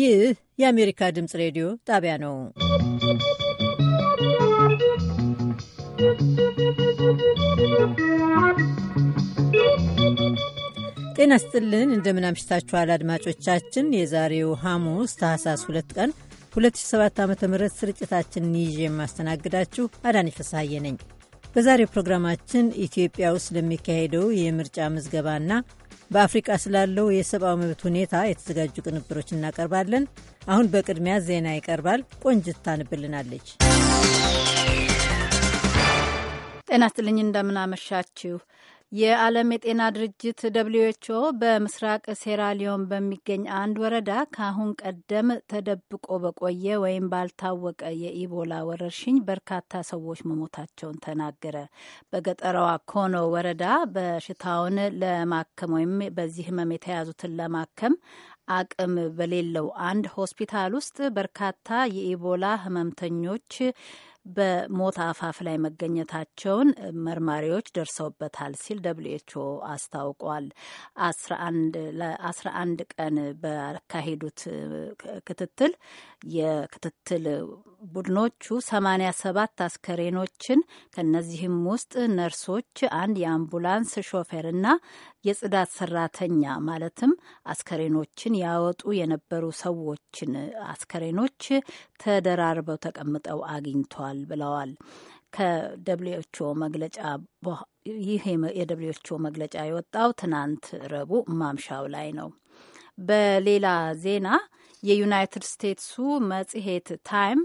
ይህ የአሜሪካ ድምፅ ሬዲዮ ጣቢያ ነው። ጤና ስጥልን፣ እንደምን አምሽታችኋል አድማጮቻችን። የዛሬው ሐሙስ ታህሳስ 2 ቀን 2007 ዓ ም ስርጭታችንን ይዤ የማስተናግዳችሁ አዳኒ ፈሳሐዬ ነኝ። በዛሬው ፕሮግራማችን ኢትዮጵያ ውስጥ ለሚካሄደው የምርጫ ምዝገባና በአፍሪቃ ስላለው የሰብአዊ መብት ሁኔታ የተዘጋጁ ቅንብሮች እናቀርባለን። አሁን በቅድሚያ ዜና ይቀርባል። ቆንጅት ታንብልናለች። ጤና ስጥልኝ፣ እንደምናመሻችሁ የዓለም የጤና ድርጅት ደብልዩ ኤች ኦ በምስራቅ ሴራሊዮን በሚገኝ አንድ ወረዳ ከአሁን ቀደም ተደብቆ በቆየ ወይም ባልታወቀ የኢቦላ ወረርሽኝ በርካታ ሰዎች መሞታቸውን ተናገረ። በገጠራዋ ኮኖ ወረዳ በሽታውን ለማከም ወይም በዚህ ህመም የተያዙትን ለማከም አቅም በሌለው አንድ ሆስፒታል ውስጥ በርካታ የኢቦላ ህመምተኞች በሞት አፋፍ ላይ መገኘታቸውን መርማሪዎች ደርሰውበታል ሲል ደብልዩ ኤች ኦ አስታውቋል። ለአስራ አንድ ቀን ባካሄዱት ክትትል የክትትል ቡድኖቹ 87 አስከሬኖችን ከነዚህም ውስጥ ነርሶች፣ አንድ የአምቡላንስ ሾፌርና የጽዳት ሰራተኛ ማለትም አስከሬኖችን ያወጡ የነበሩ ሰዎችን አስከሬኖች ተደራርበው ተቀምጠው አግኝተዋል ብለዋል። ከደብሊውኤችኦ መግለጫ ይህ የደብሊውኤችኦ መግለጫ የወጣው ትናንት ረቡዕ ማምሻው ላይ ነው። በሌላ ዜና የዩናይትድ ስቴትሱ መጽሔት ታይም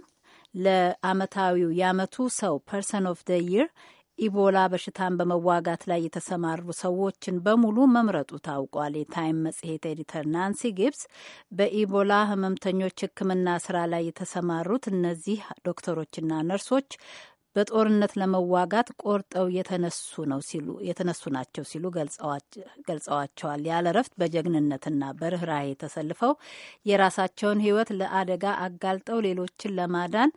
ለአመታዊው የአመቱ ሰው ፐርሰን ኦፍ ደ ይር ኢቦላ በሽታን በመዋጋት ላይ የተሰማሩ ሰዎችን በሙሉ መምረጡ ታውቋል። የታይም መጽሔት ኤዲተር ናንሲ ጊብስ በኢቦላ ህመምተኞች ሕክምና ስራ ላይ የተሰማሩት እነዚህ ዶክተሮችና ነርሶች በጦርነት ለመዋጋት ቆርጠው የተነሱ ነው ሲሉ የተነሱ ናቸው ሲሉ ገልጸዋቸዋል። ያለ ረፍት በጀግንነትና በርኅራሄ ተሰልፈው የራሳቸውን ሕይወት ለአደጋ አጋልጠው ሌሎችን ለማዳን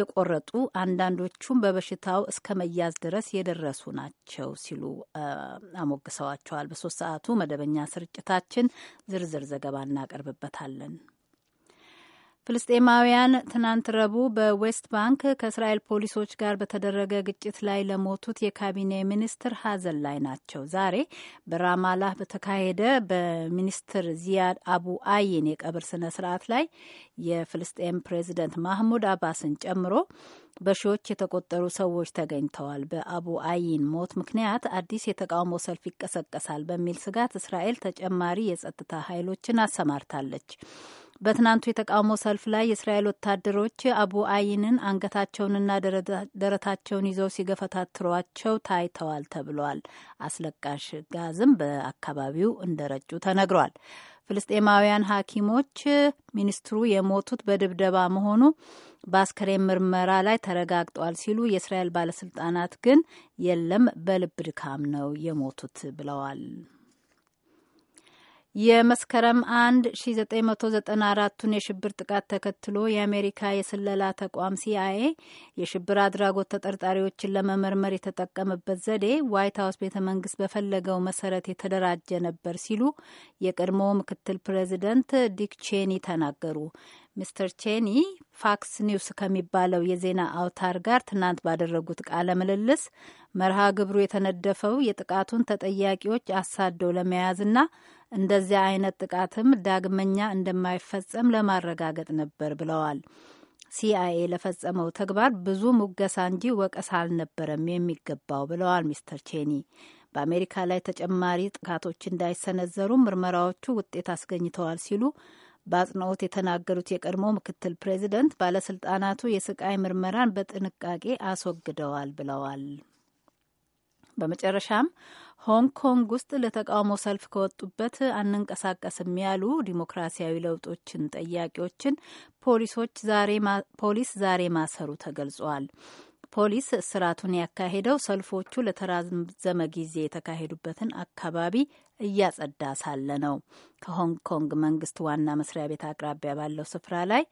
የቆረጡ አንዳንዶቹም በበሽታው እስከ መያዝ ድረስ የደረሱ ናቸው ሲሉ አሞግሰዋቸዋል። በሶስት ሰዓቱ መደበኛ ስርጭታችን ዝርዝር ዘገባ እናቀርብበታለን። ፍልስጤማውያን ትናንት ረቡዕ በዌስት ባንክ ከእስራኤል ፖሊሶች ጋር በተደረገ ግጭት ላይ ለሞቱት የካቢኔ ሚኒስትር ሀዘን ላይ ናቸው። ዛሬ በራማላህ በተካሄደ በሚኒስትር ዚያድ አቡ አይን የቀብር ስነ ስርዓት ላይ የፍልስጤም ፕሬዚደንት ማህሙድ አባስን ጨምሮ በሺዎች የተቆጠሩ ሰዎች ተገኝተዋል። በአቡ አይን ሞት ምክንያት አዲስ የተቃውሞ ሰልፍ ይቀሰቀሳል በሚል ስጋት እስራኤል ተጨማሪ የጸጥታ ኃይሎችን አሰማርታለች። በትናንቱ የተቃውሞ ሰልፍ ላይ የእስራኤል ወታደሮች አቡ አይንን አንገታቸውንና ደረታቸውን ይዘው ሲገፈታትሯቸው ታይተዋል ተብሏል። አስለቃሽ ጋዝም በአካባቢው እንደረጩ ተነግሯል። ፍልስጤማውያን ሐኪሞች ሚኒስትሩ የሞቱት በድብደባ መሆኑ በአስከሬን ምርመራ ላይ ተረጋግጧል ሲሉ የእስራኤል ባለስልጣናት ግን የለም፣ በልብ ድካም ነው የሞቱት ብለዋል። የመስከረም 1 1994ቱን የሽብር ጥቃት ተከትሎ የአሜሪካ የስለላ ተቋም ሲአይኤ የሽብር አድራጎት ተጠርጣሪዎችን ለመመርመር የተጠቀመበት ዘዴ ዋይት ሀውስ ቤተ መንግስት በፈለገው መሰረት የተደራጀ ነበር ሲሉ የቀድሞ ምክትል ፕሬዚደንት ዲክ ቼኒ ተናገሩ። ሚስተር ቼኒ ፋክስ ኒውስ ከሚባለው የዜና አውታር ጋር ትናንት ባደረጉት ቃለ ምልልስ መርሃ ግብሩ የተነደፈው የጥቃቱን ተጠያቂዎች አሳደው ለመያዝና እንደዚያ አይነት ጥቃትም ዳግመኛ እንደማይፈጸም ለማረጋገጥ ነበር ብለዋል። ሲአይኤ ለፈጸመው ተግባር ብዙ ሙገሳ እንጂ ወቀሳ አልነበረም የሚገባው ብለዋል ሚስተር ቼኒ። በአሜሪካ ላይ ተጨማሪ ጥቃቶች እንዳይሰነዘሩ ምርመራዎቹ ውጤት አስገኝተዋል ሲሉ በአጽንኦት የተናገሩት የቀድሞ ምክትል ፕሬዚደንት ባለስልጣናቱ የስቃይ ምርመራን በጥንቃቄ አስወግደዋል ብለዋል። በመጨረሻም ሆንግ ኮንግ ውስጥ ለተቃውሞ ሰልፍ ከወጡበት አንንቀሳቀስም ያሉ ዲሞክራሲያዊ ለውጦችን ጠያቂዎችን ፖሊሶች ዛሬ ፖሊስ ዛሬ ማሰሩ ተገልጿል። ፖሊስ ስርዓቱን ያካሄደው ሰልፎቹ ለተራዘመ ጊዜ የተካሄዱበትን አካባቢ እያጸዳ ሳለ ነው። ከሆንግ ኮንግ መንግስት ዋና መስሪያ ቤት አቅራቢያ ባለው ስፍራ ላይ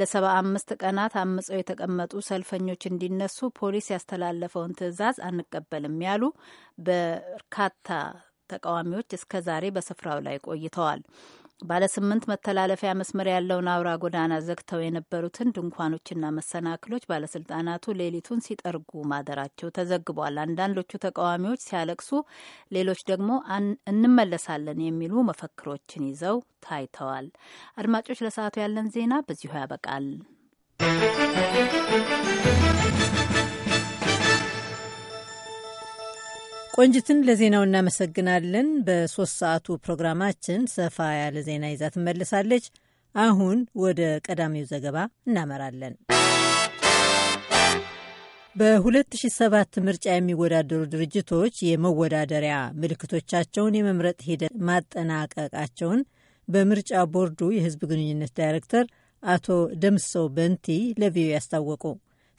ለሰባ አምስት ቀናት አምፀው የተቀመጡ ሰልፈኞች እንዲነሱ ፖሊስ ያስተላለፈውን ትዕዛዝ አንቀበልም ያሉ በርካታ ተቃዋሚዎች እስከ ዛሬ በስፍራው ላይ ቆይተዋል። ባለ ስምንት መተላለፊያ መስመር ያለውን አውራ ጎዳና ዘግተው የነበሩትን ድንኳኖችና መሰናክሎች ባለስልጣናቱ ሌሊቱን ሲጠርጉ ማደራቸው ተዘግቧል። አንዳንዶቹ ተቃዋሚዎች ሲያለቅሱ፣ ሌሎች ደግሞ እንመለሳለን የሚሉ መፈክሮችን ይዘው ታይተዋል። አድማጮች፣ ለሰዓቱ ያለን ዜና በዚሁ ያበቃል። ቆንጅትን ለዜናው እናመሰግናለን። በሶስት ሰዓቱ ፕሮግራማችን ሰፋ ያለ ዜና ይዛ ትመልሳለች። አሁን ወደ ቀዳሚው ዘገባ እናመራለን። በ2007 ምርጫ የሚወዳደሩ ድርጅቶች የመወዳደሪያ ምልክቶቻቸውን የመምረጥ ሂደት ማጠናቀቃቸውን በምርጫ ቦርዱ የሕዝብ ግንኙነት ዳይሬክተር አቶ ደምሰው በንቲ ለቪኦኤ ያስታወቁ።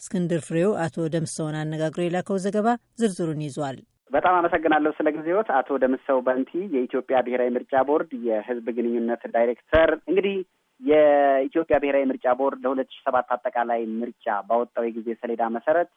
እስክንድር ፍሬው አቶ ደምሰውን አነጋግሮ የላከው ዘገባ ዝርዝሩን ይዟል። በጣም አመሰግናለሁ ስለ ጊዜዎት አቶ ደምሰው በንቲ የኢትዮጵያ ብሔራዊ ምርጫ ቦርድ የህዝብ ግንኙነት ዳይሬክተር። እንግዲህ የኢትዮጵያ ብሔራዊ ምርጫ ቦርድ ለሁለት ሺ ሰባት አጠቃላይ ምርጫ ባወጣው የጊዜ ሰሌዳ መሰረት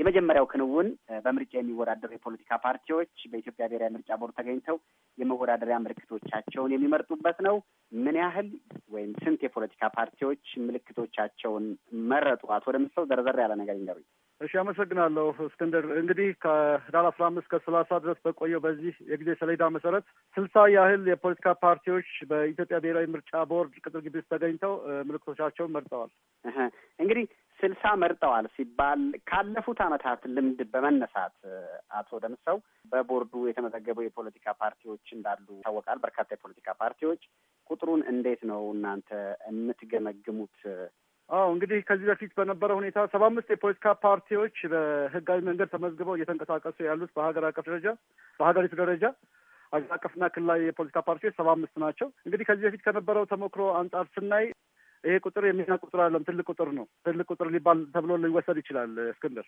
የመጀመሪያው ክንውን በምርጫ የሚወዳደሩ የፖለቲካ ፓርቲዎች በኢትዮጵያ ብሔራዊ ምርጫ ቦርድ ተገኝተው የመወዳደሪያ ምልክቶቻቸውን የሚመርጡበት ነው። ምን ያህል ወይም ስንት የፖለቲካ ፓርቲዎች ምልክቶቻቸውን መረጡ? አቶ ደምሰው ዘርዘር ያለ ነገር ይንገሩኝ። እሺ አመሰግናለሁ እስክንድር። እንግዲህ ከህዳር አስራ አምስት ከሰላሳ ድረስ በቆየው በዚህ የጊዜ ሰሌዳ መሰረት ስልሳ ያህል የፖለቲካ ፓርቲዎች በኢትዮጵያ ብሔራዊ ምርጫ ቦርድ ቅጥር ግቢ ውስጥ ተገኝተው ምልክቶቻቸውን መርጠዋል። እንግዲህ ስልሳ መርጠዋል ሲባል ካለፉት ዓመታት ልምድ በመነሳት አቶ ደምሰው በቦርዱ የተመዘገቡ የፖለቲካ ፓርቲዎች እንዳሉ ይታወቃል። በርካታ የፖለቲካ ፓርቲዎች ቁጥሩን እንዴት ነው እናንተ የምትገመግሙት? አዎ እንግዲህ ከዚህ በፊት በነበረ ሁኔታ ሰባ አምስት የፖለቲካ ፓርቲዎች በህጋዊ መንገድ ተመዝግበው እየተንቀሳቀሱ ያሉት በሀገር አቀፍ ደረጃ በሀገሪቱ ደረጃ ሀገር አቀፍና ክልላዊ የፖለቲካ ፓርቲዎች ሰባ አምስት ናቸው። እንግዲህ ከዚህ በፊት ከነበረው ተሞክሮ አንጻር ስናይ ይሄ ቁጥር የሚና ቁጥር አለም ትልቅ ቁጥር ነው። ትልቅ ቁጥር ሊባል ተብሎ ሊወሰድ ይችላል። እስክንድር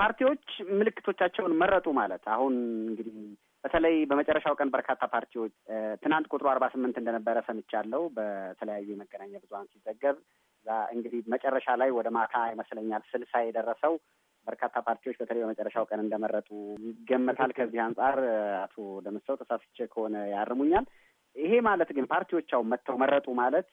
ፓርቲዎች ምልክቶቻቸውን መረጡ ማለት አሁን እንግዲህ በተለይ በመጨረሻው ቀን በርካታ ፓርቲዎች ትናንት ቁጥሩ አርባ ስምንት እንደነበረ ሰምቻለሁ በተለያዩ የመገናኛ ብዙሀን ሲዘገብ እንግዲህ መጨረሻ ላይ ወደ ማታ ይመስለኛል ስልሳ የደረሰው በርካታ ፓርቲዎች በተለይ በመጨረሻው ቀን እንደመረጡ ይገመታል። ከዚህ አንጻር አቶ ደምሰው ተሳስቼ ከሆነ ያርሙኛል። ይሄ ማለት ግን ፓርቲዎች አሁን መጥተው መረጡ ማለት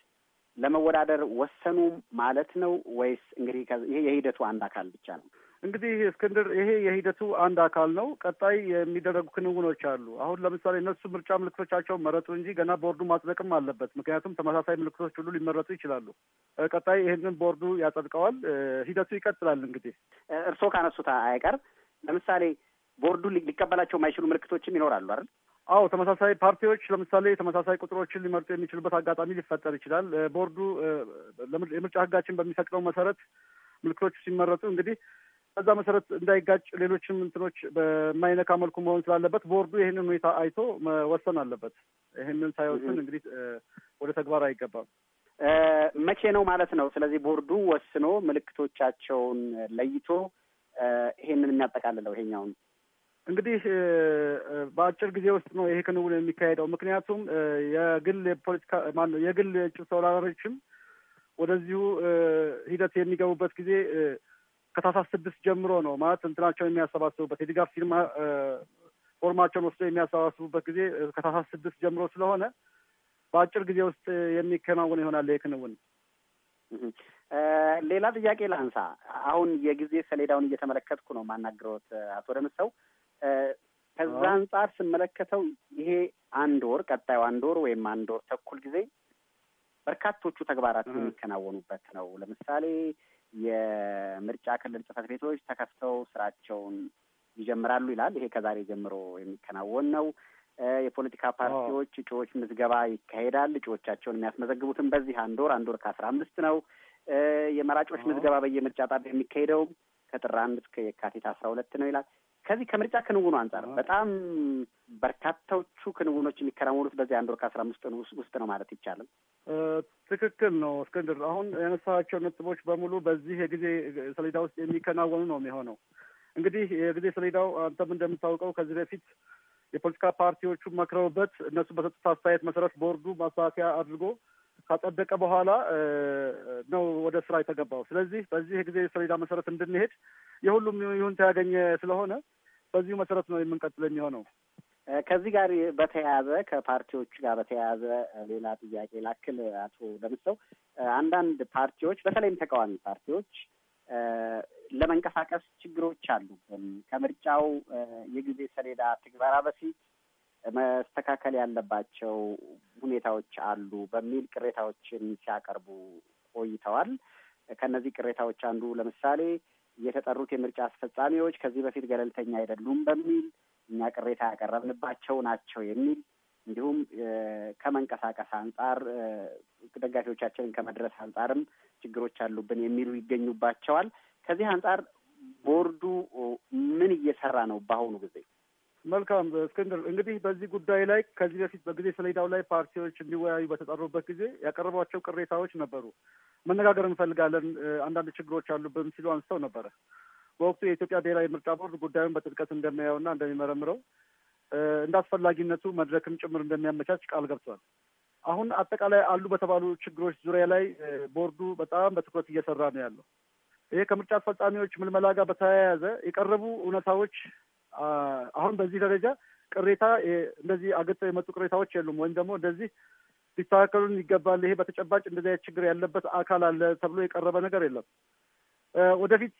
ለመወዳደር ወሰኑ ማለት ነው ወይስ እንግዲህ ይሄ የሂደቱ አንድ አካል ብቻ ነው? እንግዲህ እስክንድር ይሄ የሂደቱ አንድ አካል ነው። ቀጣይ የሚደረጉ ክንውኖች አሉ። አሁን ለምሳሌ እነሱ ምርጫ ምልክቶቻቸውን መረጡ እንጂ ገና ቦርዱ ማጽደቅም አለበት። ምክንያቱም ተመሳሳይ ምልክቶች ሁሉ ሊመረጡ ይችላሉ። ቀጣይ ይህንን ቦርዱ ያጸድቀዋል። ሂደቱ ይቀጥላል። እንግዲህ እርስዎ ካነሱት አይቀር ለምሳሌ ቦርዱ ሊቀበላቸው የማይችሉ ምልክቶችም ይኖራሉ አይደል? አዎ ተመሳሳይ ፓርቲዎች ለምሳሌ ተመሳሳይ ቁጥሮችን ሊመርጡ የሚችሉበት አጋጣሚ ሊፈጠር ይችላል። ቦርዱ የምርጫ ሕጋችን በሚፈቅደው መሰረት ምልክቶቹ ሲመረጡ እንግዲህ በዛ መሰረት እንዳይጋጭ ሌሎችም እንትኖች በማይነካ መልኩ መሆን ስላለበት ቦርዱ ይህንን ሁኔታ አይቶ መወሰን አለበት። ይህንን ሳይወስን እንግዲህ ወደ ተግባር አይገባም። መቼ ነው ማለት ነው? ስለዚህ ቦርዱ ወስኖ ምልክቶቻቸውን ለይቶ ይሄንን የሚያጠቃልለው ይሄኛውን እንግዲህ በአጭር ጊዜ ውስጥ ነው ይሄ ክንውን የሚካሄደው። ምክንያቱም የግል የፖለቲካ ማነው የግል እጩ ተወዳዳሪዎችም ወደዚሁ ሂደት የሚገቡበት ጊዜ ከታህሳስ ስድስት ጀምሮ ነው ማለት እንትናቸውን የሚያሰባስቡበት የድጋፍ ፊርማ ፎርማቸውን ወስደው የሚያሰባስቡበት ጊዜ ከታህሳስ ስድስት ጀምሮ ስለሆነ በአጭር ጊዜ ውስጥ የሚከናወን ይሆናል የክንውን። ሌላ ጥያቄ ላንሳ። አሁን የጊዜ ሰሌዳውን እየተመለከትኩ ነው ማናግሮት አቶ ደምሰው ከዛ አንጻር ስመለከተው ይሄ አንድ ወር ቀጣዩ አንድ ወር ወይም አንድ ወር ተኩል ጊዜ በርካቶቹ ተግባራት የሚከናወኑበት ነው። ለምሳሌ የምርጫ ክልል ጽህፈት ቤቶች ተከፍተው ስራቸውን ይጀምራሉ ይላል። ይሄ ከዛሬ ጀምሮ የሚከናወን ነው። የፖለቲካ ፓርቲዎች እጩዎች ምዝገባ ይካሄዳል። እጩዎቻቸውን የሚያስመዘግቡትም በዚህ አንድ ወር አንድ ወር ከአስራ አምስት ነው። የመራጮች ምዝገባ በየምርጫ ጣቢያ የሚካሄደውም ከጥር አንድ እስከ የካቲት አስራ ሁለት ነው ይላል። ከዚህ ከምርጫ ክንውኑ አንጻር በጣም በርካታዎቹ ክንውኖች የሚከናወኑት በዚህ አንድ ወር ከአስራ አምስት ቀን ውስጥ ነው ማለት ይቻላል። ትክክል ነው እስክንድር። አሁን ያነሳቸው ነጥቦች በሙሉ በዚህ የጊዜ ሰሌዳ ውስጥ የሚከናወኑ ነው የሚሆነው። እንግዲህ የጊዜ ሰሌዳው አንተም እንደምታውቀው ከዚህ በፊት የፖለቲካ ፓርቲዎቹ መክረውበት እነሱ በሰጡት አስተያየት መሰረት ቦርዱ ማስተካከያ አድርጎ ካጸደቀ በኋላ ነው ወደ ስራ የተገባው። ስለዚህ በዚህ ጊዜ ሰሌዳ መሰረት እንድንሄድ የሁሉም ይሁንታ ያገኘ ስለሆነ በዚሁ መሰረት ነው የምንቀጥል የሚሆነው። ከዚህ ጋር በተያያዘ ከፓርቲዎች ጋር በተያያዘ ሌላ ጥያቄ ላክል። አቶ ደምሰው አንዳንድ ፓርቲዎች በተለይም ተቃዋሚ ፓርቲዎች ለመንቀሳቀስ ችግሮች አሉብን ከምርጫው የጊዜ ሰሌዳ ትግበራ በፊት መስተካከል ያለባቸው ሁኔታዎች አሉ በሚል ቅሬታዎችን ሲያቀርቡ ቆይተዋል። ከእነዚህ ቅሬታዎች አንዱ ለምሳሌ የተጠሩት የምርጫ አስፈጻሚዎች ከዚህ በፊት ገለልተኛ አይደሉም በሚል እኛ ቅሬታ ያቀረብንባቸው ናቸው የሚል እንዲሁም ከመንቀሳቀስ አንጻር ደጋፊዎቻችንን ከመድረስ አንጻርም ችግሮች አሉብን የሚሉ ይገኙባቸዋል። ከዚህ አንጻር ቦርዱ ምን እየሰራ ነው በአሁኑ ጊዜ? መልካም እስክንድር፣ እንግዲህ በዚህ ጉዳይ ላይ ከዚህ በፊት በጊዜ ሰሌዳው ላይ ፓርቲዎች እንዲወያዩ በተጠሩበት ጊዜ ያቀረቧቸው ቅሬታዎች ነበሩ። መነጋገር እንፈልጋለን፣ አንዳንድ ችግሮች አሉብን ሲሉ አንስተው ነበረ። በወቅቱ የኢትዮጵያ ብሔራዊ ምርጫ ቦርድ ጉዳዩን በጥልቀት እንደሚያየውና እንደሚመረምረው እንደ አስፈላጊነቱ መድረክም ጭምር እንደሚያመቻች ቃል ገብቷል። አሁን አጠቃላይ አሉ በተባሉ ችግሮች ዙሪያ ላይ ቦርዱ በጣም በትኩረት እየሰራ ነው ያለው። ይሄ ከምርጫ አስፈጻሚዎች ምልመላ ጋር በተያያዘ የቀረቡ እውነታዎች አሁን በዚህ ደረጃ ቅሬታ እንደዚህ አገጠው የመጡ ቅሬታዎች የሉም ወይም ደግሞ እንደዚህ ሊስተካከሉን ይገባል፣ ይሄ በተጨባጭ እንደዚህ ችግር ያለበት አካል አለ ተብሎ የቀረበ ነገር የለም። ወደፊት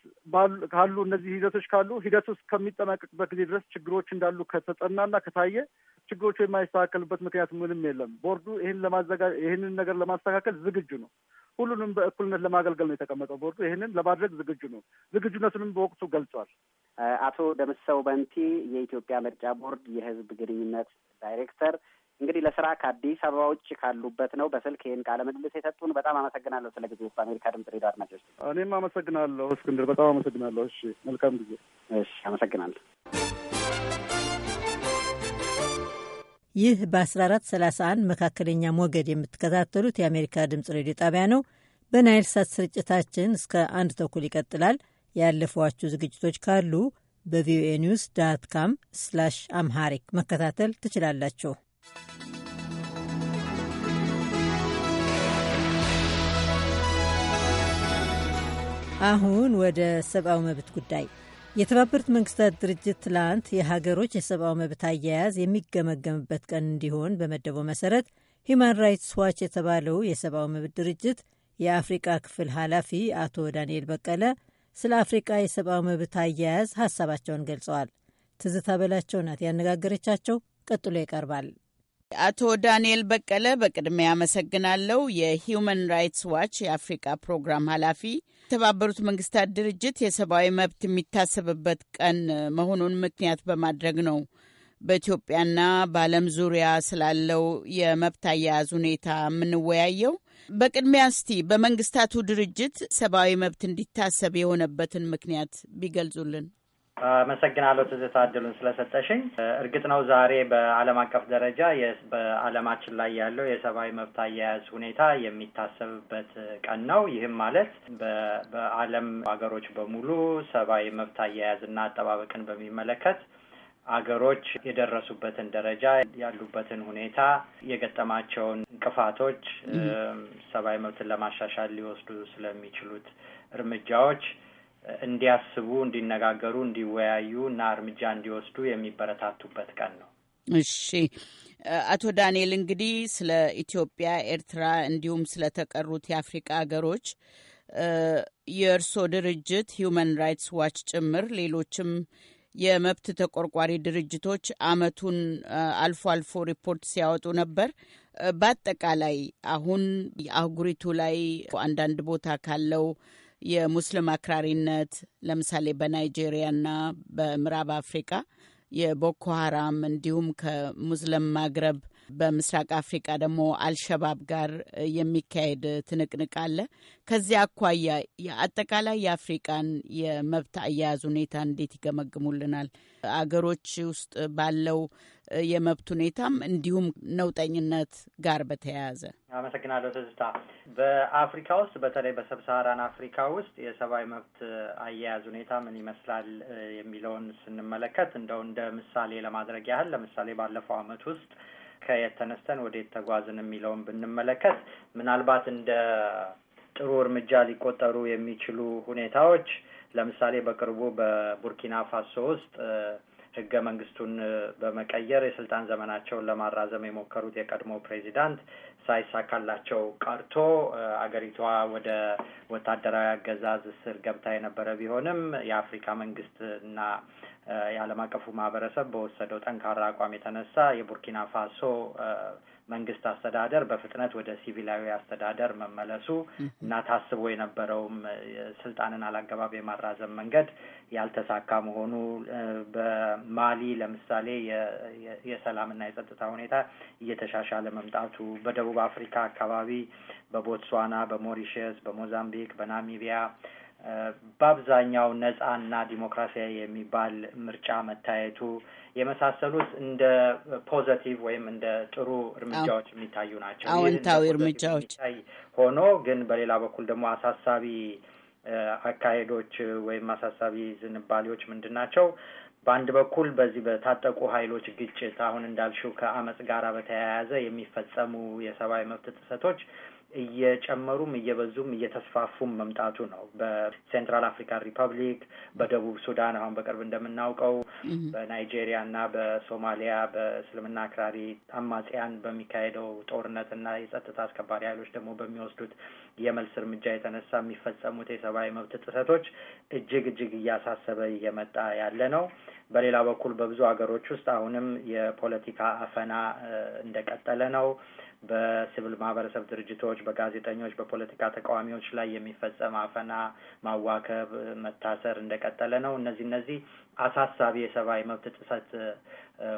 ካሉ እነዚህ ሂደቶች ካሉ ሂደቱ እስከሚጠናቀቅበት ጊዜ ድረስ ችግሮች እንዳሉ ከተጠናና ከታየ ችግሮቹ የማይስተካከልበት ምክንያት ምንም የለም። ቦርዱ ይህን ለማዘጋ ይህንን ነገር ለማስተካከል ዝግጁ ነው። ሁሉንም በእኩልነት ለማገልገል ነው የተቀመጠው። ቦርዱ ይህንን ለማድረግ ዝግጁ ነው። ዝግጁነቱንም በወቅቱ ገልጿል። አቶ ደምሰው በንቲ የኢትዮጵያ ምርጫ ቦርድ የህዝብ ግንኙነት ዳይሬክተር እንግዲህ ለስራ ከአዲስ አበባ ውጭ ካሉበት ነው በስልክ ይህን ቃለ ምልልስ የሰጡን። በጣም አመሰግናለሁ ስለ ጊዜ። በአሜሪካ ድምጽ ሬዲዮ አድማጮች እኔም አመሰግናለሁ እስክንድር፣ በጣም አመሰግናለሁ። እሺ መልካም ጊዜ። እሺ አመሰግናለሁ። ይህ በ1431 መካከለኛ ሞገድ የምትከታተሉት የአሜሪካ ድምፅ ሬዲዮ ጣቢያ ነው። በናይል ሳት ስርጭታችን እስከ አንድ ተኩል ይቀጥላል። ያለፏችሁ ዝግጅቶች ካሉ በቪኦኤ ኒውስ ዳት ካም ስላሽ አምሃሪክ መከታተል ትችላላችሁ። አሁን ወደ ሰብአዊ መብት ጉዳይ የተባበሩት መንግስታት ድርጅት ትላንት የሀገሮች የሰብአዊ መብት አያያዝ የሚገመገምበት ቀን እንዲሆን በመደበው መሰረት ሂማን ራይትስ ዋች የተባለው የሰብአዊ መብት ድርጅት የአፍሪቃ ክፍል ኃላፊ አቶ ዳንኤል በቀለ ስለ አፍሪቃ የሰብአዊ መብት አያያዝ ሀሳባቸውን ገልጸዋል። ትዝታ በላቸው ናት ያነጋገረቻቸው። ቀጥሎ ይቀርባል። አቶ ዳንኤል በቀለ በቅድሚያ አመሰግናለሁ። የሂዩማን ራይትስ ዋች የአፍሪቃ ፕሮግራም ኃላፊ የተባበሩት መንግስታት ድርጅት የሰብአዊ መብት የሚታሰብበት ቀን መሆኑን ምክንያት በማድረግ ነው በኢትዮጵያና በዓለም ዙሪያ ስላለው የመብት አያያዝ ሁኔታ የምንወያየው። በቅድሚያ እስቲ በመንግስታቱ ድርጅት ሰብአዊ መብት እንዲታሰብ የሆነበትን ምክንያት ቢገልጹልን። አመሰግናለሁ ትዝታ እድሉን ስለሰጠሽኝ። እርግጥ ነው ዛሬ በዓለም አቀፍ ደረጃ በዓለማችን ላይ ያለው የሰብአዊ መብት አያያዝ ሁኔታ የሚታሰብበት ቀን ነው። ይህም ማለት በዓለም ሀገሮች በሙሉ ሰብአዊ መብት አያያዝና አጠባበቅን በሚመለከት አገሮች የደረሱበትን ደረጃ ያሉበትን ሁኔታ የገጠማቸውን እንቅፋቶች፣ ሰብአዊ መብትን ለማሻሻል ሊወስዱ ስለሚችሉት እርምጃዎች እንዲያስቡ፣ እንዲነጋገሩ፣ እንዲወያዩ እና እርምጃ እንዲወስዱ የሚበረታቱበት ቀን ነው። እሺ አቶ ዳንኤል እንግዲህ ስለ ኢትዮጵያ፣ ኤርትራ እንዲሁም ስለተቀሩት የአፍሪቃ ሀገሮች የእርስዎ ድርጅት ሂዩማን ራይትስ ዋች ጭምር ሌሎችም የመብት ተቆርቋሪ ድርጅቶች አመቱን አልፎ አልፎ ሪፖርት ሲያወጡ ነበር። በአጠቃላይ አሁን አህጉሪቱ ላይ አንዳንድ ቦታ ካለው የሙስሊም አክራሪነት ለምሳሌ በናይጄሪያና በምዕራብ አፍሪካ የቦኮ ሀራም እንዲሁም ከሙስሊም ማግረብ በምስራቅ አፍሪቃ ደግሞ አልሸባብ ጋር የሚካሄድ ትንቅንቅ አለ። ከዚያ አኳያ አጠቃላይ የአፍሪቃን የመብት አያያዝ ሁኔታ እንዴት ይገመግሙልናል? አገሮች ውስጥ ባለው የመብት ሁኔታም እንዲሁም ነውጠኝነት ጋር በተያያዘ አመሰግናለሁ። ትዝታ፣ በአፍሪካ ውስጥ በተለይ በሰብሳራን አፍሪካ ውስጥ የሰብአዊ መብት አያያዝ ሁኔታ ምን ይመስላል የሚለውን ስንመለከት እንደው እንደ ምሳሌ ለማድረግ ያህል ለምሳሌ ባለፈው ዓመት ውስጥ ከየት ተነስተን ወዴት ተጓዝን የሚለውን ብንመለከት ምናልባት እንደ ጥሩ እርምጃ ሊቆጠሩ የሚችሉ ሁኔታዎች ለምሳሌ በቅርቡ በቡርኪና ፋሶ ውስጥ ህገ መንግስቱን በመቀየር የስልጣን ዘመናቸውን ለማራዘም የሞከሩት የቀድሞ ፕሬዚዳንት ሳይሳካላቸው ቀርቶ አገሪቷ ወደ ወታደራዊ አገዛዝ ስር ገብታ የነበረ ቢሆንም የአፍሪካ መንግስት እና የዓለም አቀፉ ማህበረሰብ በወሰደው ጠንካራ አቋም የተነሳ የቡርኪና ፋሶ መንግስት አስተዳደር በፍጥነት ወደ ሲቪላዊ አስተዳደር መመለሱ እና ታስቦ የነበረውም ስልጣንን አላገባብ የማራዘም መንገድ ያልተሳካ መሆኑ፣ በማሊ ለምሳሌ የሰላምና የጸጥታ ሁኔታ እየተሻሻለ መምጣቱ፣ በደቡብ አፍሪካ አካባቢ፣ በቦትስዋና፣ በሞሪሽስ በሞዛምቢክ፣ በናሚቢያ በአብዛኛው ነጻና ዲሞክራሲያዊ የሚባል ምርጫ መታየቱ የመሳሰሉት እንደ ፖዘቲቭ ወይም እንደ ጥሩ እርምጃዎች የሚታዩ ናቸው። አዎንታዊ እርምጃዎች ሆኖ ግን በሌላ በኩል ደግሞ አሳሳቢ አካሄዶች ወይም አሳሳቢ ዝንባሌዎች ምንድን ናቸው? በአንድ በኩል በዚህ በታጠቁ ኃይሎች ግጭት አሁን እንዳልሽው ከአመፅ ጋር በተያያዘ የሚፈጸሙ የሰብአዊ መብት ጥሰቶች እየጨመሩም እየበዙም እየተስፋፉም መምጣቱ ነው። በሴንትራል አፍሪካን ሪፐብሊክ፣ በደቡብ ሱዳን አሁን በቅርብ እንደምናውቀው በናይጄሪያ እና በሶማሊያ በእስልምና አክራሪ አማጽያን በሚካሄደው ጦርነት እና የጸጥታ አስከባሪ ኃይሎች ደግሞ በሚወስዱት የመልስ እርምጃ የተነሳ የሚፈጸሙት የሰብአዊ መብት ጥሰቶች እጅግ እጅግ እያሳሰበ እየመጣ ያለ ነው። በሌላ በኩል በብዙ ሀገሮች ውስጥ አሁንም የፖለቲካ አፈና እንደቀጠለ ነው። በሲቪል ማህበረሰብ ድርጅቶች፣ በጋዜጠኞች፣ በፖለቲካ ተቃዋሚዎች ላይ የሚፈጸም አፈና፣ ማዋከብ፣ መታሰር እንደቀጠለ ነው። እነዚህ እነዚህ አሳሳቢ የሰብአዊ መብት ጥሰት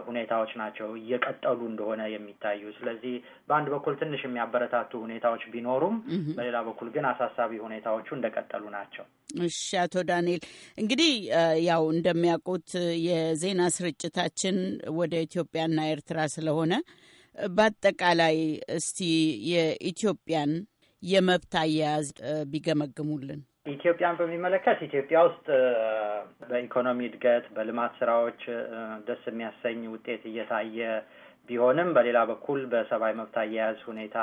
ሁኔታዎች ናቸው እየቀጠሉ እንደሆነ የሚታዩ። ስለዚህ በአንድ በኩል ትንሽ የሚያበረታቱ ሁኔታዎች ቢኖሩም በሌላ በኩል ግን አሳሳቢ ሁኔታዎቹ እንደቀጠሉ ናቸው። እሺ፣ አቶ ዳንኤል እንግዲህ ያው እንደሚያውቁት የዜና ስርጭታችን ወደ ኢትዮጵያና ኤርትራ ስለሆነ በአጠቃላይ እስቲ የኢትዮጵያን የመብት አያያዝ ቢገመግሙልን። ኢትዮጵያን በሚመለከት ኢትዮጵያ ውስጥ በኢኮኖሚ እድገት፣ በልማት ስራዎች ደስ የሚያሰኝ ውጤት እየታየ ቢሆንም በሌላ በኩል በሰብአዊ መብት አያያዝ ሁኔታ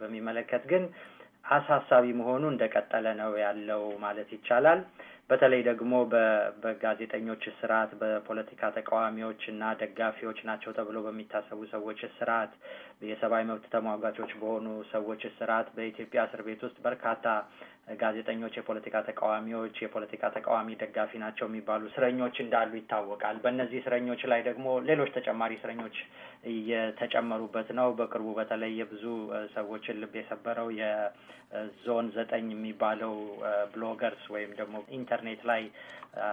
በሚመለከት ግን አሳሳቢ መሆኑ እንደቀጠለ ነው ያለው ማለት ይቻላል። በተለይ ደግሞ በጋዜጠኞች እስራት፣ በፖለቲካ ተቃዋሚዎች እና ደጋፊዎች ናቸው ተብሎ በሚታሰቡ ሰዎች እስራት፣ የሰብአዊ መብት ተሟጋቾች በሆኑ ሰዎች እስራት በኢትዮጵያ እስር ቤት ውስጥ በርካታ ጋዜጠኞች፣ የፖለቲካ ተቃዋሚዎች፣ የፖለቲካ ተቃዋሚ ደጋፊ ናቸው የሚባሉ እስረኞች እንዳሉ ይታወቃል። በእነዚህ እስረኞች ላይ ደግሞ ሌሎች ተጨማሪ እስረኞች እየተጨመሩበት ነው። በቅርቡ በተለይ የብዙ ሰዎችን ልብ የሰበረው የዞን ዘጠኝ የሚባለው ብሎገርስ ወይም ደግሞ ኢንተርኔት ላይ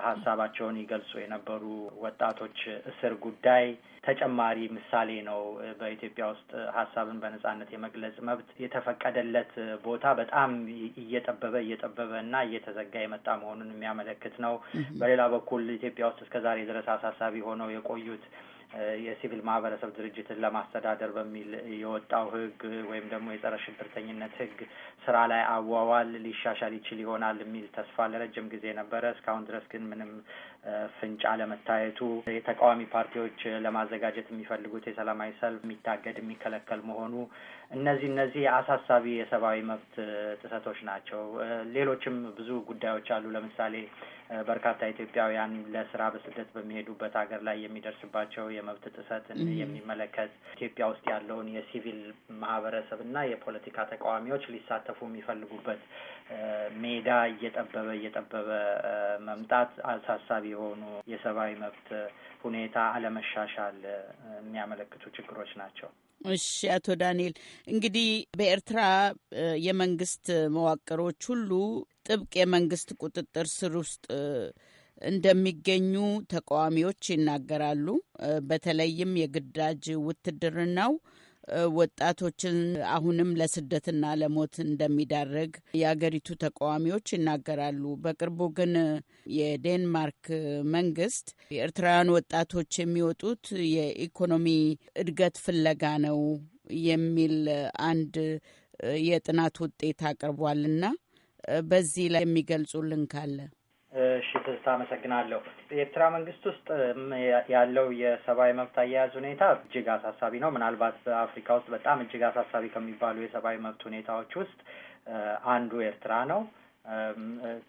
ሀሳባቸውን ይገልጹ የነበሩ ወጣቶች እስር ጉዳይ ተጨማሪ ምሳሌ ነው። በኢትዮጵያ ውስጥ ሀሳብን በነጻነት የመግለጽ መብት የተፈቀደለት ቦታ በጣም እየጠበበ እየጠበበ እና እየተዘጋ የመጣ መሆኑን የሚያመለክት ነው። በሌላ በኩል ኢትዮጵያ ውስጥ እስከዛሬ ድረስ አሳሳቢ ሆነው የቆዩት የሲቪል ማህበረሰብ ድርጅትን ለማስተዳደር በሚል የወጣው ህግ ወይም ደግሞ የጸረ ሽብርተኝነት ህግ ስራ ላይ አዋዋል ሊሻሻል ይችል ይሆናል የሚል ተስፋ ለረጅም ጊዜ ነበረ። እስካሁን ድረስ ግን ምንም ፍንጭ አለመታየቱ፣ የተቃዋሚ ፓርቲዎች ለማዘጋጀት የሚፈልጉት የሰላማዊ ሰልፍ የሚታገድ የሚከለከል መሆኑ እነዚህ እነዚህ አሳሳቢ የሰብአዊ መብት ጥሰቶች ናቸው። ሌሎችም ብዙ ጉዳዮች አሉ። ለምሳሌ በርካታ ኢትዮጵያውያን ለስራ በስደት በሚሄዱበት ሀገር ላይ የሚደርስባቸው የመብት ጥሰትን የሚመለከት ኢትዮጵያ ውስጥ ያለውን የሲቪል ማህበረሰብ እና የፖለቲካ ተቃዋሚዎች ሊሳተፉ የሚፈልጉበት ሜዳ እየጠበበ እየጠበበ መምጣት አሳሳቢ የሆኑ የሰብአዊ መብት ሁኔታ አለመሻሻል የሚያመለክቱ ችግሮች ናቸው። እሺ፣ አቶ ዳንኤል እንግዲህ በኤርትራ የመንግስት መዋቅሮች ሁሉ ጥብቅ የመንግስት ቁጥጥር ስር ውስጥ እንደሚገኙ ተቃዋሚዎች ይናገራሉ። በተለይም የግዳጅ ውትድርናው ወጣቶችን አሁንም ለስደትና ለሞት እንደሚዳረግ የአገሪቱ ተቃዋሚዎች ይናገራሉ። በቅርቡ ግን የዴንማርክ መንግስት የኤርትራውያን ወጣቶች የሚወጡት የኢኮኖሚ እድገት ፍለጋ ነው የሚል አንድ የጥናት ውጤት አቅርቧልና በዚህ ላይ የሚገልጹልን ካለ እሺ ትዝታ አመሰግናለሁ። የኤርትራ መንግስት ውስጥ ያለው የሰብአዊ መብት አያያዝ ሁኔታ እጅግ አሳሳቢ ነው። ምናልባት በአፍሪካ ውስጥ በጣም እጅግ አሳሳቢ ከሚባሉ የሰብአዊ መብት ሁኔታዎች ውስጥ አንዱ ኤርትራ ነው።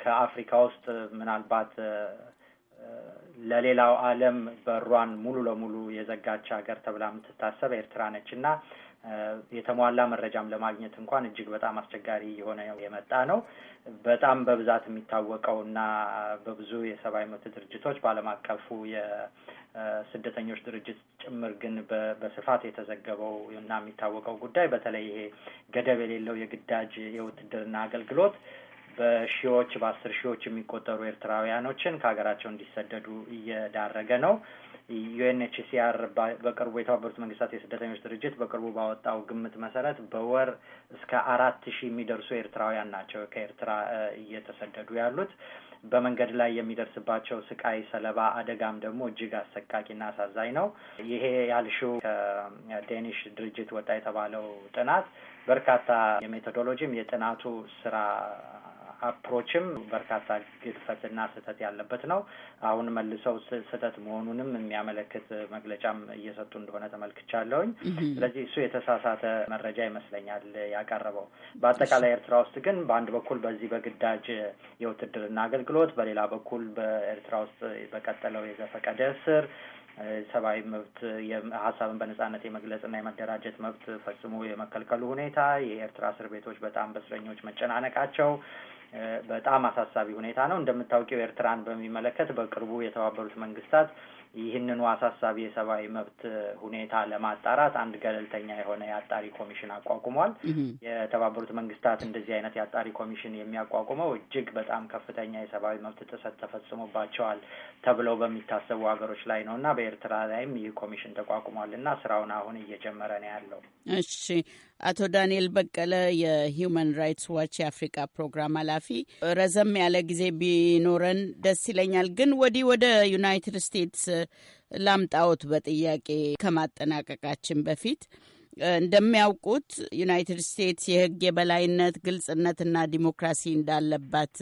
ከአፍሪካ ውስጥ ምናልባት ለሌላው ዓለም በሯን ሙሉ ለሙሉ የዘጋች ሀገር ተብላ የምትታሰብ ኤርትራ ነች እና የተሟላ መረጃም ለማግኘት እንኳን እጅግ በጣም አስቸጋሪ የሆነ የመጣ ነው። በጣም በብዛት የሚታወቀው እና በብዙ የሰብአዊ መብት ድርጅቶች በዓለም አቀፉ የስደተኞች ድርጅት ጭምር ግን በስፋት የተዘገበው እና የሚታወቀው ጉዳይ በተለይ ይሄ ገደብ የሌለው የግዳጅ የውትድርና አገልግሎት በሺዎች በአስር ሺዎች የሚቆጠሩ ኤርትራውያኖችን ከሀገራቸው እንዲሰደዱ እየዳረገ ነው። ዩኤንኤችሲአር በቅርቡ የተባበሩት መንግስታት የስደተኞች ድርጅት በቅርቡ ባወጣው ግምት መሰረት በወር እስከ አራት ሺህ የሚደርሱ ኤርትራውያን ናቸው ከኤርትራ እየተሰደዱ ያሉት። በመንገድ ላይ የሚደርስባቸው ስቃይ ሰለባ አደጋም ደግሞ እጅግ አሰቃቂና አሳዛኝ ነው። ይሄ ያልሺው ከዴኒሽ ድርጅት ወጣ የተባለው ጥናት በርካታ የሜቶዶሎጂም የጥናቱ ስራ አፕሮችም በርካታ ግድፈትና ስህተት ያለበት ነው። አሁን መልሰው ስህተት መሆኑንም የሚያመለክት መግለጫም እየሰጡ እንደሆነ ተመልክቻለሁኝ። ስለዚህ እሱ የተሳሳተ መረጃ ይመስለኛል ያቀረበው። በአጠቃላይ ኤርትራ ውስጥ ግን በአንድ በኩል በዚህ በግዳጅ የውትድርና አገልግሎት፣ በሌላ በኩል በኤርትራ ውስጥ በቀጠለው የዘፈቀደ እስር ሰብአዊ መብት ሀሳብን በነጻነት የመግለጽና የመደራጀት መብት ፈጽሞ የመከልከሉ ሁኔታ፣ የኤርትራ እስር ቤቶች በጣም በእስረኞች መጨናነቃቸው በጣም አሳሳቢ ሁኔታ ነው። እንደምታውቂው ኤርትራን በሚመለከት በቅርቡ የተባበሩት መንግስታት ይህንኑ አሳሳቢ የሰብአዊ መብት ሁኔታ ለማጣራት አንድ ገለልተኛ የሆነ የአጣሪ ኮሚሽን አቋቁሟል። የተባበሩት መንግስታት እንደዚህ አይነት የአጣሪ ኮሚሽን የሚያቋቁመው እጅግ በጣም ከፍተኛ የሰብአዊ መብት ጥሰት ተፈጽሞባቸዋል ተብለው በሚታሰቡ ሀገሮች ላይ ነው እና በኤርትራ ላይም ይህ ኮሚሽን ተቋቁሟል እና ስራውን አሁን እየጀመረ ነው ያለው። እሺ አቶ ዳንኤል በቀለ የሂዩማን ራይትስ ዋች የአፍሪካ ፕሮግራም ኃላፊ፣ ረዘም ያለ ጊዜ ቢኖረን ደስ ይለኛል፣ ግን ወዲህ ወደ ዩናይትድ ስቴትስ ላምጣዎት በጥያቄ ከማጠናቀቃችን በፊት እንደሚያውቁት ዩናይትድ ስቴትስ የሕግ የበላይነት ግልጽነትና ዲሞክራሲ እንዳለባት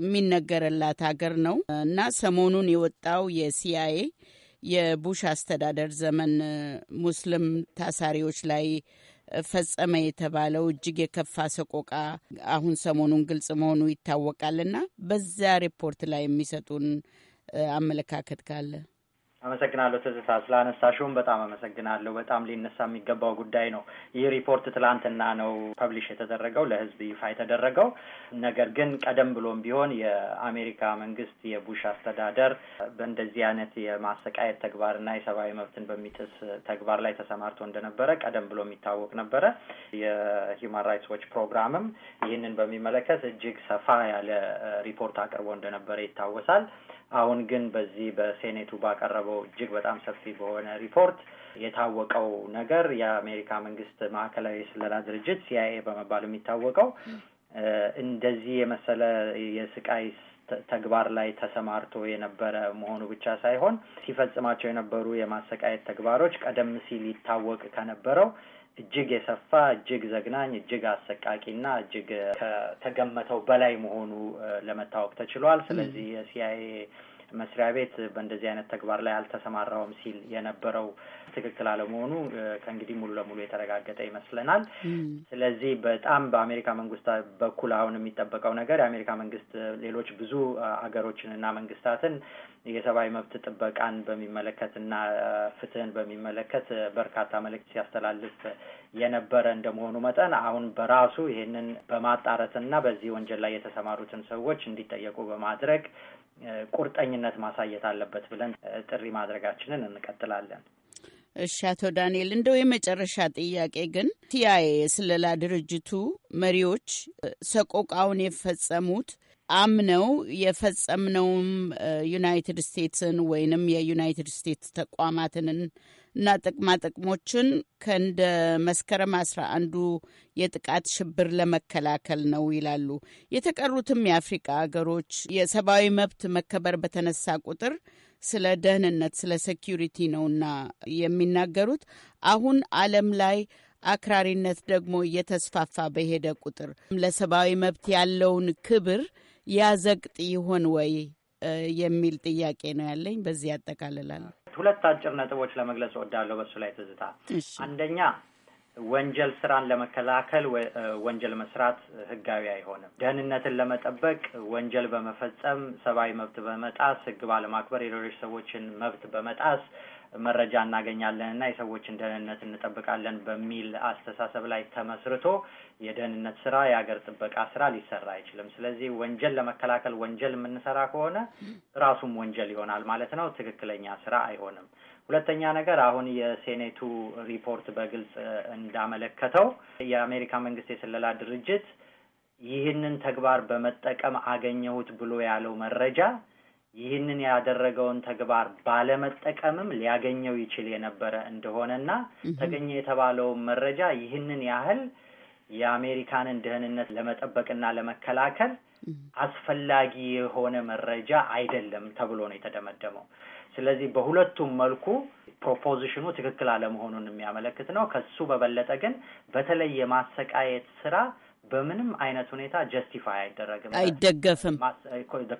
የሚነገርላት ሀገር ነው እና ሰሞኑን የወጣው የሲአይኤ የቡሽ አስተዳደር ዘመን ሙስሊም ታሳሪዎች ላይ ፈጸመ የተባለው እጅግ የከፋ ሰቆቃ አሁን ሰሞኑን ግልጽ መሆኑ ይታወቃልና በዛ ሪፖርት ላይ የሚሰጡን አመለካከት ካለ አመሰግናለሁ ትዝታ፣ ስላነሳሽውም በጣም አመሰግናለሁ። በጣም ሊነሳ የሚገባው ጉዳይ ነው። ይህ ሪፖርት ትላንትና ነው ፐብሊሽ የተደረገው ለህዝብ ይፋ የተደረገው። ነገር ግን ቀደም ብሎም ቢሆን የአሜሪካ መንግስት የቡሽ አስተዳደር በእንደዚህ አይነት የማሰቃየት ተግባርና የሰብአዊ መብትን በሚጥስ ተግባር ላይ ተሰማርቶ እንደነበረ ቀደም ብሎ የሚታወቅ ነበረ። የሂውማን ራይትስ ዎች ፕሮግራምም ይህንን በሚመለከት እጅግ ሰፋ ያለ ሪፖርት አቅርቦ እንደነበረ ይታወሳል። አሁን ግን በዚህ በሴኔቱ ባቀረበው እጅግ በጣም ሰፊ በሆነ ሪፖርት የታወቀው ነገር የአሜሪካ መንግስት ማዕከላዊ የስለላ ድርጅት ሲአይኤ በመባል የሚታወቀው እንደዚህ የመሰለ የስቃይ ተግባር ላይ ተሰማርቶ የነበረ መሆኑ ብቻ ሳይሆን ሲፈጽማቸው የነበሩ የማሰቃየት ተግባሮች ቀደም ሲል ይታወቅ ከነበረው እጅግ የሰፋ እጅግ ዘግናኝ እጅግ አሰቃቂና እጅግ ከተገመተው በላይ መሆኑ ለመታወቅ ተችሏል። ስለዚህ የሲአይኤ መስሪያ ቤት በእንደዚህ አይነት ተግባር ላይ አልተሰማራውም ሲል የነበረው ትክክል አለመሆኑ ከእንግዲህ ሙሉ ለሙሉ የተረጋገጠ ይመስለናል። ስለዚህ በጣም በአሜሪካ መንግስት በኩል አሁን የሚጠበቀው ነገር የአሜሪካ መንግስት ሌሎች ብዙ ሀገሮችንና መንግስታትን የሰብአዊ መብት ጥበቃን በሚመለከት እና ፍትህን በሚመለከት በርካታ መልእክት ሲያስተላልፍ የነበረ እንደመሆኑ መጠን አሁን በራሱ ይህንን በማጣረትና በዚህ ወንጀል ላይ የተሰማሩትን ሰዎች እንዲጠየቁ በማድረግ ቁርጠኝነት ማሳየት አለበት ብለን ጥሪ ማድረጋችንን እንቀጥላለን። እሺ፣ አቶ ዳንኤል እንደው የመጨረሻ ጥያቄ ግን ቲአይ የስለላ ድርጅቱ መሪዎች ሰቆቃውን የፈጸሙት አምነው የፈጸምነውም ዩናይትድ ስቴትስን ወይንም የዩናይትድ ስቴትስ ተቋማትንን እና ጥቅማ ጥቅሞችን ከእንደ መስከረም አስራ አንዱ የጥቃት ሽብር ለመከላከል ነው ይላሉ። የተቀሩትም የአፍሪቃ ሀገሮች የሰብአዊ መብት መከበር በተነሳ ቁጥር ስለ ደህንነት ስለ ሴኪሪቲ ነውና የሚናገሩት። አሁን ዓለም ላይ አክራሪነት ደግሞ እየተስፋፋ በሄደ ቁጥር ለሰብአዊ መብት ያለውን ክብር ያዘግጥ ይሆን ወይ የሚል ጥያቄ ነው ያለኝ። በዚህ ያጠቃልላል። ሁለት አጭር ነጥቦች ለመግለጽ እወዳለሁ በሱ ላይ ትዝታ። አንደኛ ወንጀል ስራን ለመከላከል ወንጀል መስራት ህጋዊ አይሆንም። ደህንነትን ለመጠበቅ ወንጀል በመፈጸም ሰብአዊ መብት በመጣስ ህግ ባለማክበር፣ የሌሎች ሰዎችን መብት በመጣስ መረጃ እናገኛለን እና የሰዎችን ደህንነት እንጠብቃለን በሚል አስተሳሰብ ላይ ተመስርቶ የደህንነት ስራ የሀገር ጥበቃ ስራ ሊሰራ አይችልም። ስለዚህ ወንጀል ለመከላከል ወንጀል የምንሰራ ከሆነ ራሱም ወንጀል ይሆናል ማለት ነው። ትክክለኛ ስራ አይሆንም። ሁለተኛ ነገር አሁን የሴኔቱ ሪፖርት በግልጽ እንዳመለከተው የአሜሪካ መንግስት የስለላ ድርጅት ይህንን ተግባር በመጠቀም አገኘሁት ብሎ ያለው መረጃ ይህንን ያደረገውን ተግባር ባለመጠቀምም ሊያገኘው ይችል የነበረ እንደሆነና ተገኘ የተባለውን መረጃ ይህንን ያህል የአሜሪካንን ደህንነት ለመጠበቅና ለመከላከል አስፈላጊ የሆነ መረጃ አይደለም ተብሎ ነው የተደመደመው። ስለዚህ በሁለቱም መልኩ ፕሮፖዚሽኑ ትክክል አለመሆኑን የሚያመለክት ነው። ከሱ በበለጠ ግን በተለይ የማሰቃየት ስራ በምንም አይነት ሁኔታ ጀስቲፋይ አይደረግም፣ አይደገፍም።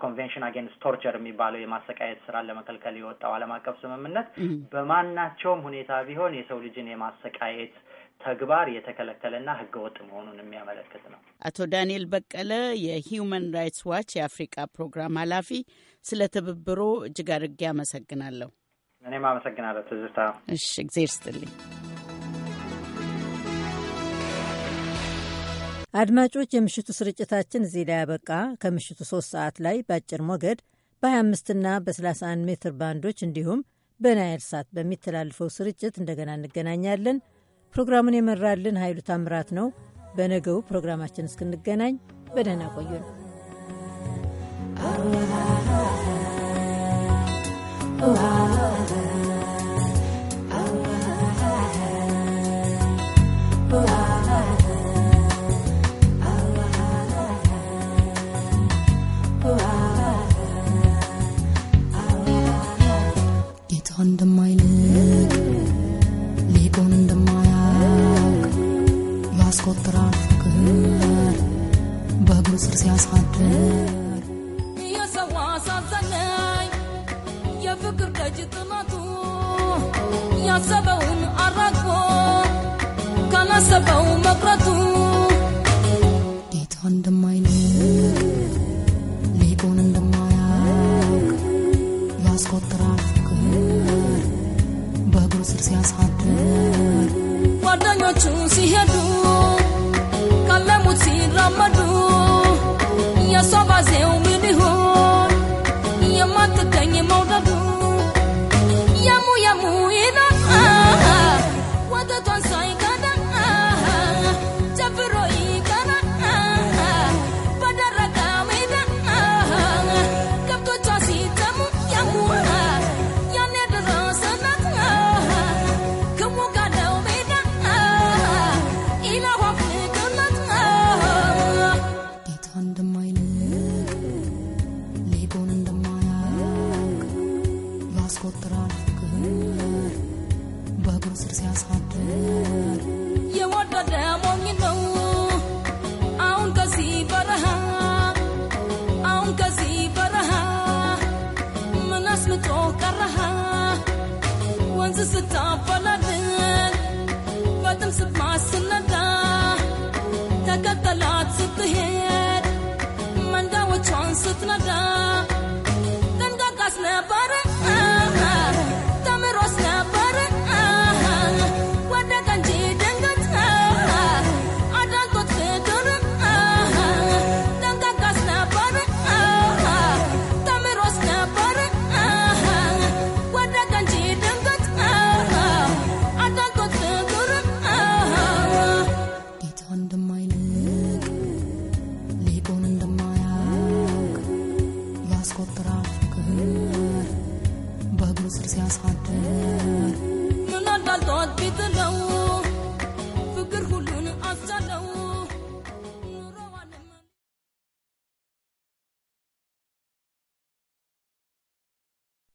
ኮንቬንሽን አጌንስት ቶርቸር የሚባለው የማሰቃየት ስራን ለመከልከል የወጣው ዓለም አቀፍ ስምምነት በማናቸውም ሁኔታ ቢሆን የሰው ልጅን የማሰቃየት ተግባር የተከለከለና ህገወጥ መሆኑን የሚያመለክት ነው። አቶ ዳንኤል በቀለ የሂዩማን ራይትስ ዋች የአፍሪካ ፕሮግራም ኃላፊ፣ ስለ ትብብሮ እጅግ አድርጌ አመሰግናለሁ። እኔም አመሰግናለሁ ትዝታ። እሺ፣ እግዜር ይስጥልኝ። አድማጮች፣ የምሽቱ ስርጭታችን እዚህ ላይ ያበቃ። ከምሽቱ ሶስት ሰዓት ላይ በአጭር ሞገድ በ25ና በ31 ሜትር ባንዶች እንዲሁም በናይል ሳት በሚተላልፈው ስርጭት እንደገና እንገናኛለን። ፕሮግራሙን የመራልን ኃይሉ ታምራት ነው። በነገው ፕሮግራማችን እስክንገናኝ በደህና ቆዩ ነው። Oh, እንደማይልቅ ሊቆን እንደማያውቅ ያስቆጥራል ፍቅር በእግሩ ስር ሲያሳድር የሰዋ አሳዘነኝ የፍቅር ደጅ ጥማቱ ያሰበውን አራግፎ ካላሰበው መቅረቱ ጌታ እንደማ too ያስቆጥራል በእግሩ ስር ሲያሳድር የወደደ ሞኝ ነው አሁን ከዚህ በረሃ አሁን ከዚህ በረሃ ምን አስምጦ ቀረሃ ወንዝ ስታፈላልን በጥም ስትማስነዳ ተከተላት ስትሄድ መንዳዎቿን ስትነዳ